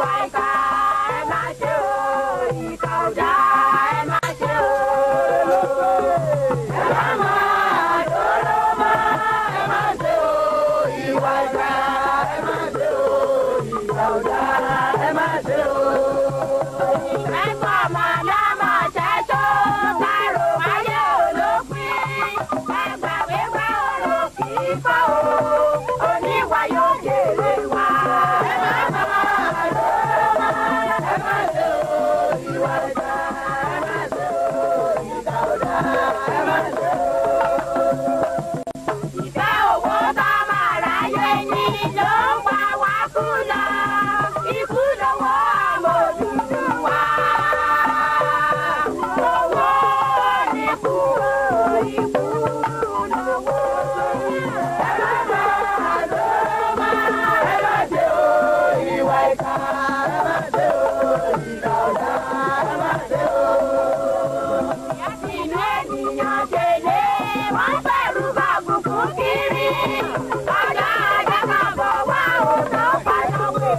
ìwà ìkà ẹ má ṣe o ìkà ọ̀dà ẹ má ṣe o. ẹ má má dòrò má ẹ má ṣe o ìwà ìkà ẹ má ṣe o ìkà ọ̀dà ẹ má ṣe o. ẹ gbọ́ ọmọ náà mọ̀ ṣẹ́jọ́ kárò ayé olófin ẹ gbàgbé wá òrò kì í fọ́ o.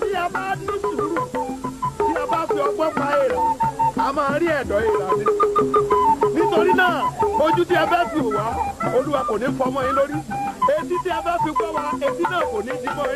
tí a bá ní sùúrù tí a bá fi ọgbọ́n pa èèrà a máa rí ẹ̀dọ̀ èèrà ni. nítorí náà ojú tí a fẹ́ fi wá olúwa kò ní fọmọ yín lórí etí tí a fẹ́ fi gbọ́ wa etí náà kò ní dìbò yín.